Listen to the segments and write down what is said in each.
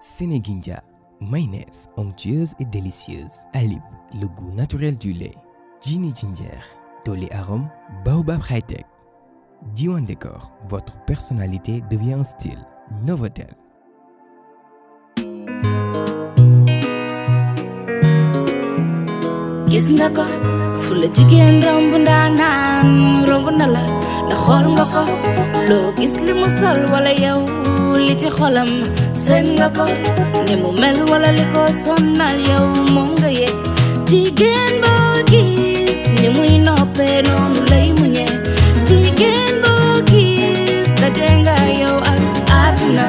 Seneginja, mayonnaise onctueuse et délicieuse. Alib, le goût naturel du lait. Ginny Ginger, Tolé Arôme, Baobab Hightech. Diwan Décor, votre personnalité devient un style. Novotel. Full chicken rombun danan rombun nala na xol nga ko lo gis li mu sol wala yow li ci xolam sen nga ko ni mu mel wala li ko sonnal yow mo nga yek jigéen boo gis ni muy noppee noonu lay muñee jigéen boo gis daje nga yow ak àdduna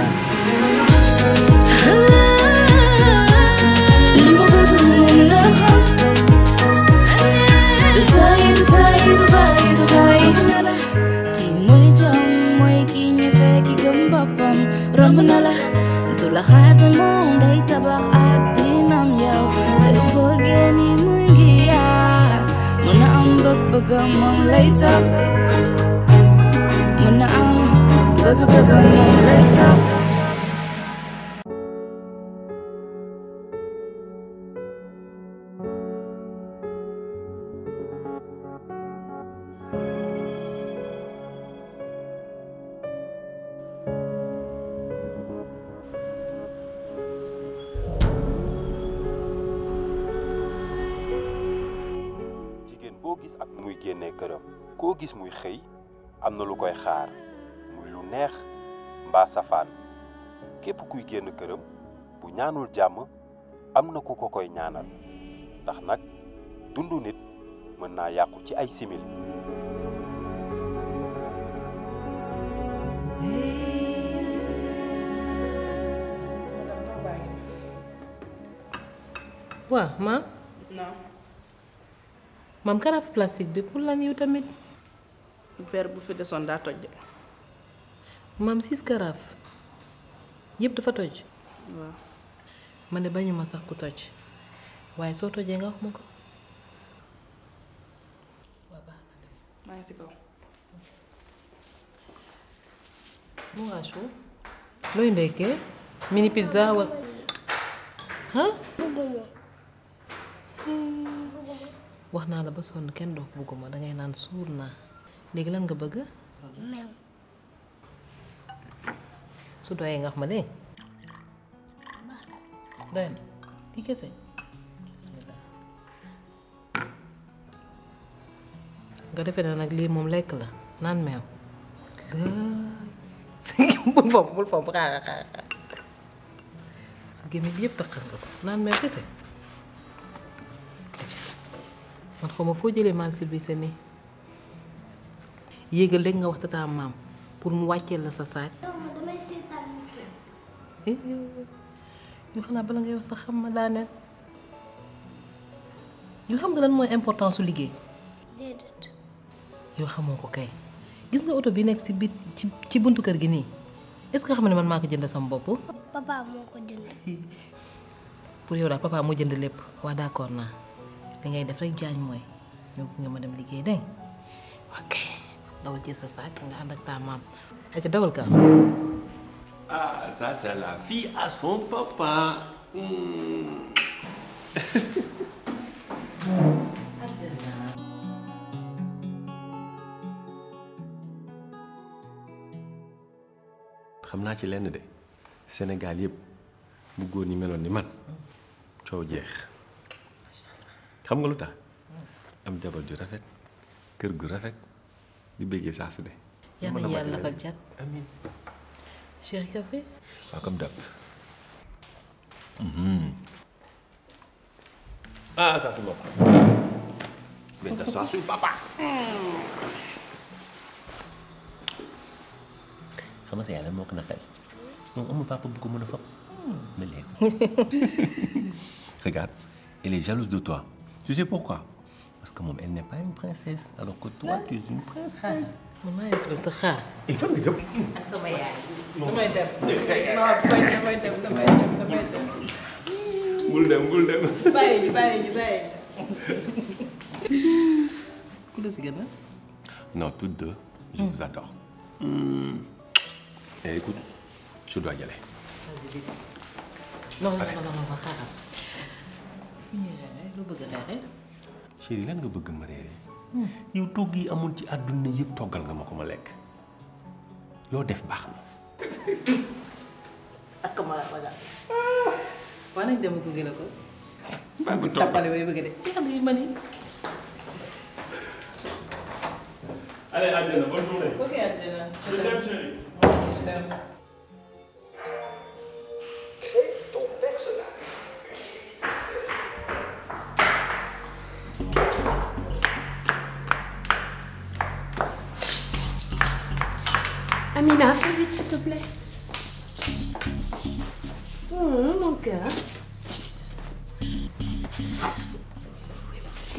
am na lu koy xaar muy lu neex mbaa safaan képp kuy génn këram bu ñaanul jàmm am na ku ko koy ñaanal ndax nag dundu nit mën naa yàqu ci ay simili waaw ma maam carafe plastique bi pour lan yow tamit verre bu fi desoon daa toj de maam six carafe yëpp dafa toj waaw man de bañuma sax ku toj waaye soo tojee nga wax ma ko maa chou mini pizza wa ah hmm. wax naa la ba sonn kenn doo bugguma da naan nan naa Deglan nga bëgg Mel. su doyee nga wax ma di kese nga defee na nag lii moom lekk la naan meew bul fomp bul fomp xaara mel sa gémmiñ bi yëpp taqal ko Nan kese man xaw ma foo jëlee mal si bi yegal rek nga wax tata mam pour mu wàcceel la sa sac ñu xana bala ngay wax sa xam la ne neen xam nga lan moy importance su liggéey déedéet yoo xamoo kay gis nga auto bi nek ci bit ci buntu kër gi ni est-ce que xam ne man maa ko jënd sama bopp papa moko jënd pour yow daal papa moo jënd lépp waa d'accord naa li ngay def rek jaañ mooy ñoo ko nga ma dem liggéey dégg ok daawadiisa saacad nga ànd ak taa maam ayca dawal ka ah ça c'est la fille à son papa mmh. xam naa ci lenn de Sénégal yëpp bu góor ñi meloon ni man coow jeex xam nga lu tax am jabar ju rafet kër gu rafet di bëggee saa su ne. yal na yàlla fal cat amiin. chéri café. waaw comme d'hab. Mhm. ah ça c'est bon. ça mais t'assois sur papa. xam nga sa yàlla moo ko naqari moom amul papa bu ko mën a fab. Hmm. ma léegi. regarde elle est jalouse de toi tu sais pourquoi parce que maman, elle n'est pas une princesse alors que toi tu es une princesse. maman elle est très femme, non toutes deux. je vous adore. Hmm. Eh, écoute je dois y aller. non non non non, non, non chérie lan nga bëgg ma réré? Hmm. yow togg yi ci aduna yëpp togal nga ma ma Lo def la bëgg de allez Adjana, bonne journée. ok je t'aime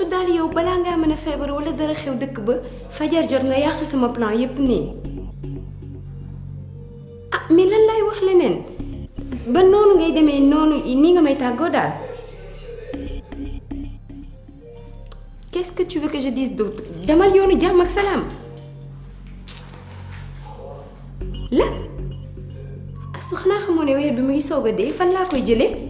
su daal yow balaa ngaa mën a feebar wala dara xew dëkk ba fajar jot nga yàq sama plan yépp nii ah mais lan laay wax leneen ba noonu ngay demee noonu nii nga may tàggoo daal qu'est-ce que tu demal yoonu jàmm ak salaam lan asu ah, xanaa xamoo ne weer bi mu ngi soog fan laa koy jëlee.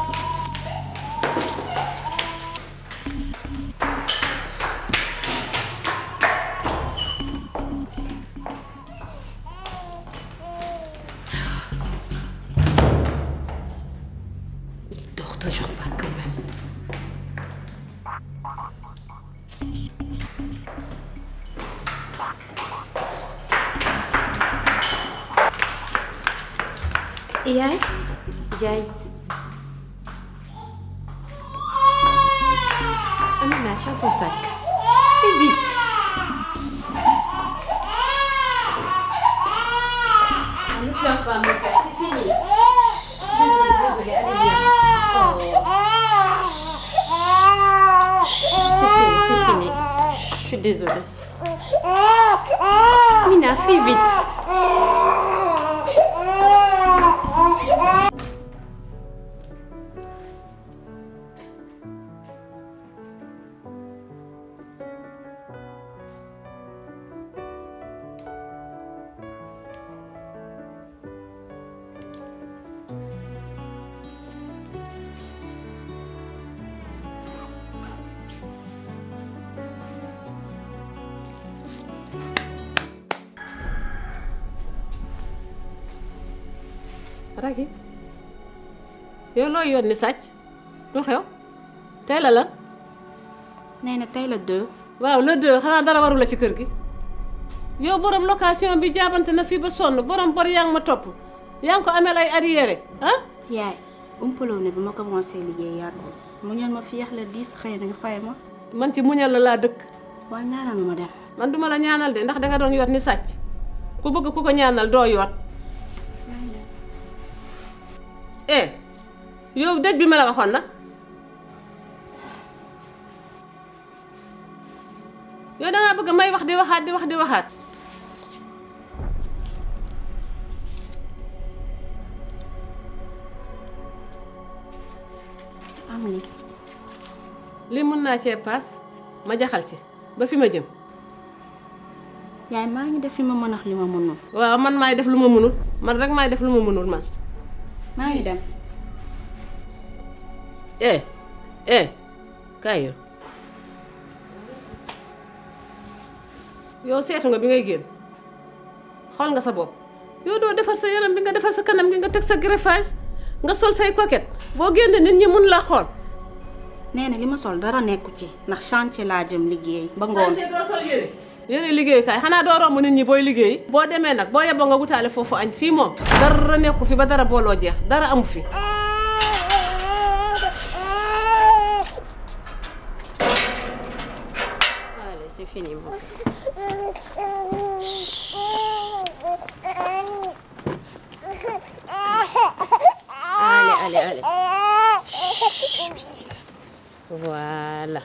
Mina, fais vite. looy yónni la lan. nee na tey la deux. waaw le deux ci kër gi yow borom location bi jaabante na fii ba sonn borom bor yaa ngi ma topp yaa ngi ko ameel ay arriéré ah. yaay umpaloo ne bi ma commencé liggéey xëy na nga ma. man ci muñal la laa dëkk. waaw ñaanal ma dem. man duma la ñaanal de ndax danga doon yoot ni sàcc ku bëgg ku ko ñaanal doo yoot. yow dëj bi ma la waxoon la yow dangaa bëgg may wax di waxaat di wax di waxaat am ni li mën naa cee paas ma jaxal ci ba fi ma jëm yaay maa ngi def li ma mën ak li ma mënul waaw man maay def lu ma mënul man rek maay def lu ma mënul man maa ngi dem eh eh kaay yow yow seetu nga bi ngay génn xool nga sa bopp yow doo defar sa yaram bi nga defar sa kanam bi nga teg sa greffage nga sol say coquette boo génn nit ñi mun la xool nee na li ma sol dara nekku ci ndax chantier laa jëm liggéey ba ngoon doo sol yére xanaa doo romb ñi booy liggéey boo demee nag boo yeboo nga wutaale foofu añ fii moom dara nekku fi ba dara booloo jeex dara amu fi fini. vous allez, allez, allez. Chut, voilà.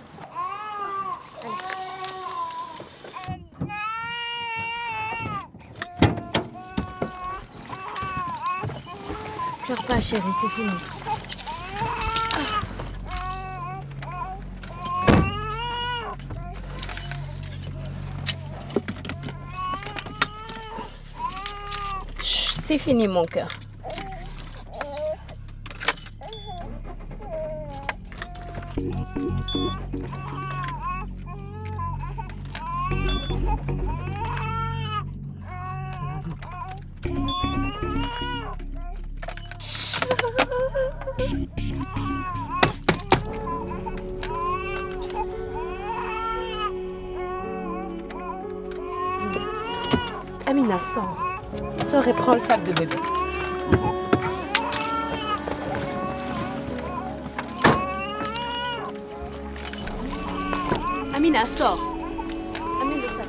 Pleure pas, chérie, c'est fini. c'est fini, mon cœur. Amina sort. Sors et prends le sac de bébé. Amina, sors. Amina le sac.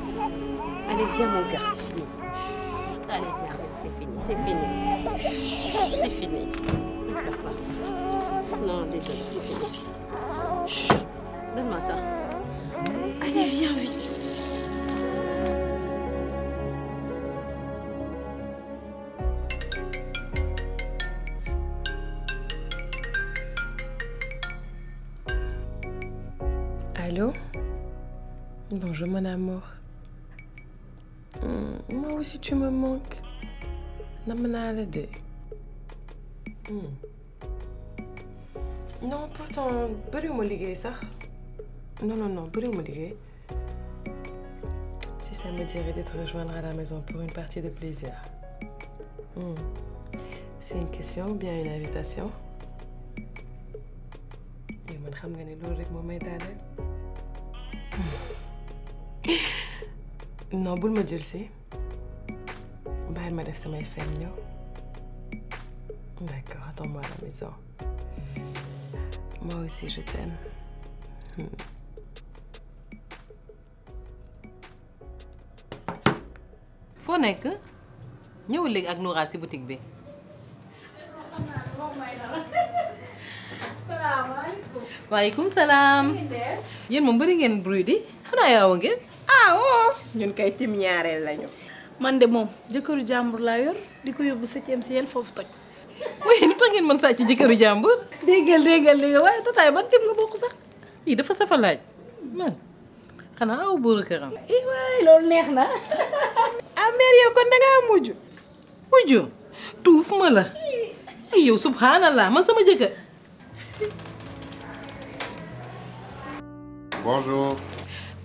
Allez, viens, mon cœur, c'est fini. allez, viens, c'est fini, c'est fini. C'est fini. Ne pleure pas. Non, désolé, c'est fini. Donne-moi ça. Allez, viens, vite. Je m'en amour. Hmm, moi aussi, tu me manques. de. Hmm. Non, pourtant, me liguer ça, Non, non, non, me liguer, Si ça me dirait de te rejoindre à la maison pour une partie de plaisir. Hmm. C'est une question ou bien une invitation Je ne de rek no bul ma jël bàyyil ma def samay fen ñëw d'accord attends-moi à la aussi je t'aime hmm. foo nekk ñëwul léegi ak Noura si boutique bi. salaamaaleykum. waaleykum salaam. yéen moom bëri ngeen bruit di xanaa yaawoo ngeen. ah oo oh. ñun kay tim ñaareel lañu. man de moom jëkkëru jàmbur laa yor di ko yóbbu septième ciel foofu toj. waaye lu tax ngeen mën sàcc jëkkëru jàmbur. déggal déggal déggal waaye tataay ban tim nga bokk sax. ii dafa safa laaj man xanaa aw buuru këram. ii waay loolu neex na. ah mère yow kon da ngaa mujj. mujj tuuf ma la. ii yow man sama jëkkër.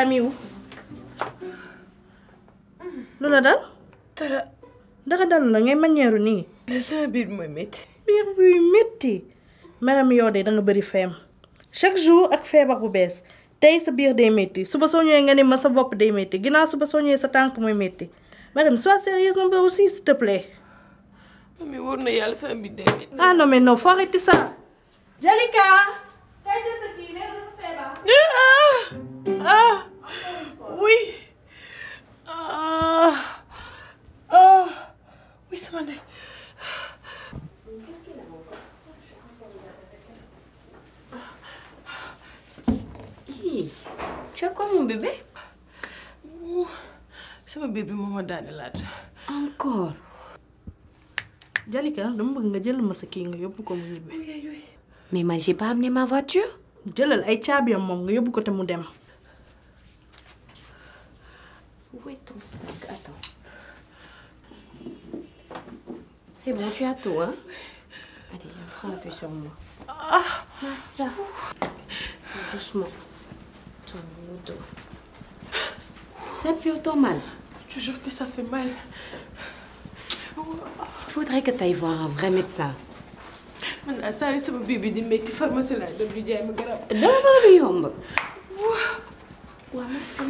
Damiwu dal dara dara dal la ngay manière nii da sama bir mooy métti biir buy métti maram yow de da nga bëri feem chaque jour ak feebar bu sa day métti suba so ñëwee nga ne ma sa day métti ginnaaw suba so ñëwee sa tànk mooy métti maram sois sérieuse un peu aussi s'il te plaît ah non mais non faut arrêter ça Jalika kay jadi kii nee na ah ah Uy. Ah. Ah. Uy, ça m'en est. Tu as quoi, mon bébé Sama bébé mama daanelaat. Encore Jalika, dama bëgg nga jël ma sa kii nga yóbbu ko mu ñibbi. Mais man j'ai pas amené ma voiture. jëlal ay caabi Où est ton sac Attends. C'est bon, tu as tout, hein Allez, prends un peu sur moi. Ah ça Doucement. Ton dos. Ça fait autant mal. Je te jure que ça fait mal. Il faudrait que tu ailles voir un vrai médecin. ça c'est Mon bébé de médecin. fais la pharmacie Je dem di jaay ma Non, dama c'est non. yomb.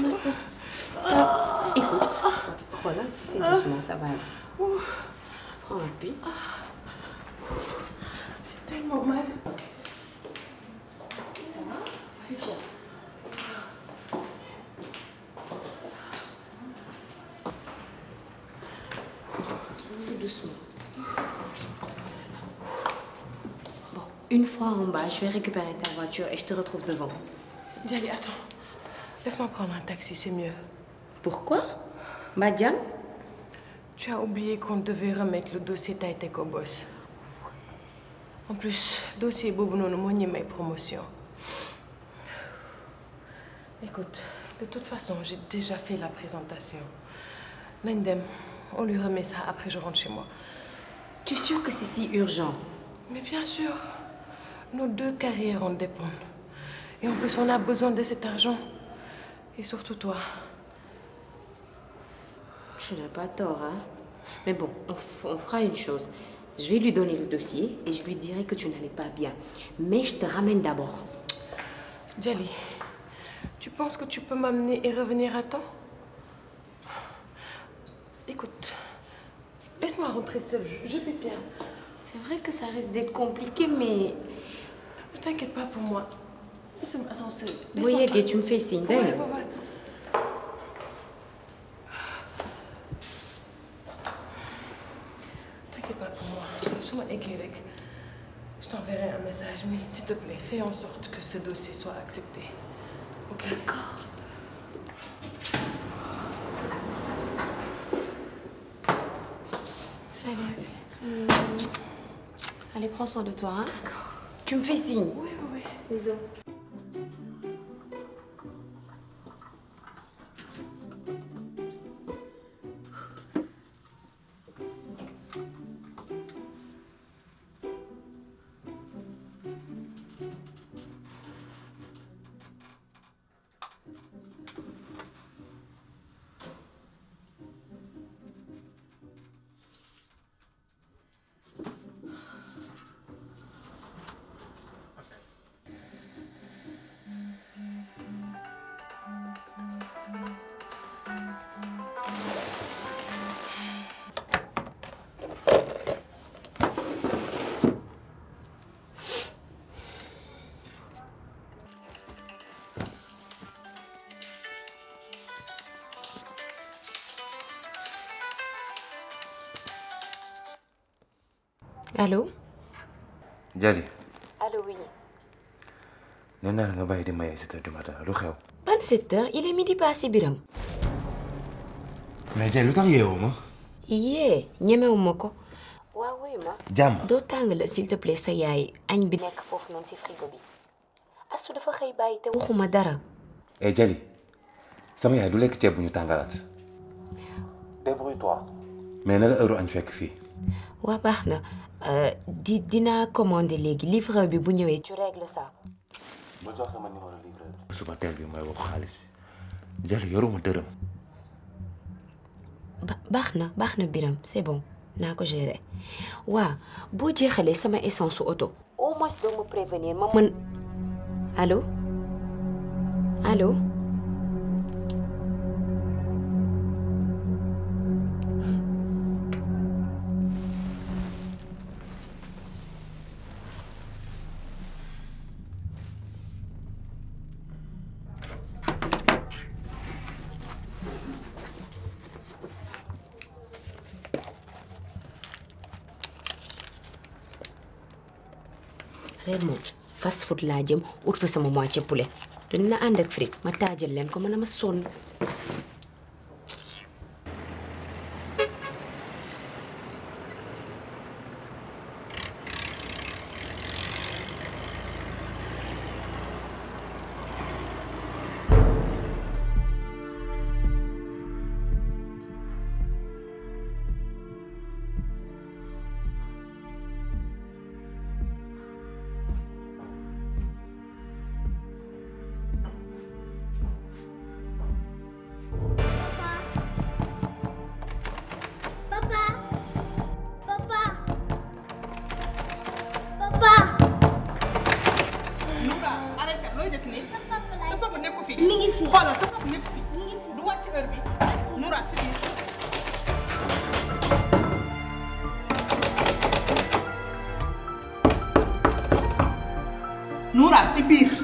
massa ça, écoute, Voilà. Ah. doucement, ça va Prends un puits. Ah. C'est tellement mal. Ça va Doucement. Bon, une fois en bas, je vais récupérer ta voiture et je te retrouve devant. Djali, attends. Laisse-moi prendre un taxi, c'est mieux. Pourquoi Madiane Tu as oublié qu'on devait remettre le dossier Taïtek boss. En plus, dossier Bobo Nono mes promotions. Écoute, de toute façon, j'ai déjà fait la présentation. L'indem, on lui remet ça après je rentre chez moi. Tu es sûre que c'est si urgent Mais bien sûr. Nos deux carrières en dépendent. Et en plus, on a besoin de cet argent. Et surtout toi. Tu n'as pas tort, hein Mais bon, on, fera une chose. Je vais lui donner le dossier et je lui dirai que tu n'allais pas bien. Mais je te ramène d'abord. Djali, tu penses que tu peux m'amener et revenir à temps Écoute, laisse-moi rentrer seule, je, vais bien. C'est vrai que ça risque d'être compliqué, mais... Ne t'inquiète pas pour moi. C'est ma Vous voyez, que tu me fais signe, Fais en sorte que ce dossier soit accepté. Ok D'accord. Allez, euh, allez, prends soin de toi. Hein. Tu me fais signe. Oui, oui, oui. Bisous. Allô Jali Allô, oui. nee naa la nga bàyyi di maye sept heures du matin lu xew. ban sept heures il est midi passé biram. mais Jali lu tax yeewoo ma. yee ñemewu ma ko. waaw wuyu ma. jàmm doo tàngala s'il te plaît sa yaay añ bi nekk foofu noonu si frigo bi. asu dafa xëy bàyyi te waxuma dara. eh Jali sama yaay du lekk ceeb bu ñu tàngalaat. débrouille-toi. mais na la heure añ fekk fii. waa baax na. Euh, di dina commandé livre livreur bi tu règles ça. ma jox sama numéro livreur bi wax Biram c'est bon nako je gérer sama essence auto. au moins me prévenir ma Allô. Allô. foot laa jëm ut fa sama moitié poulet te dina ànd ak frites ma taajal leen ko ma a ma sonn Nura, Sibir.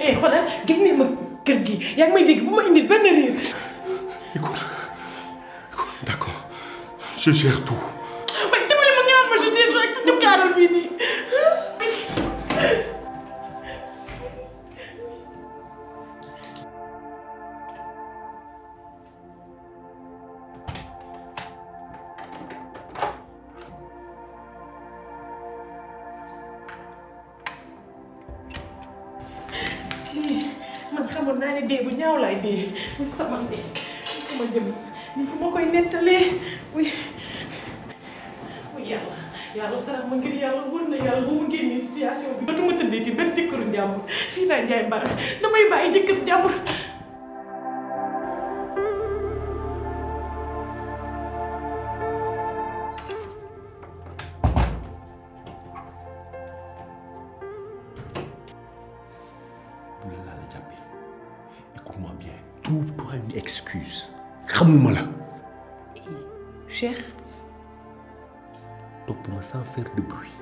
eh voilà, génne ma kër gi yaa may dégg bu ma indil benn écoute écoute d'accord je gère tout. sama ndey fu ma jëm ni fu ma koy nettalee oui oui yàlla yàlla sarax ma ngir yàlla wër na yàlla bu ma génnee situation bi dootuma tëddee ci benn jëkkëru njàmbur fii laa jaay mbaar damay bàyyi jëkkër njàmbur une excuse xamuma eh, Cher. cher. topp ma sans faire de bruit.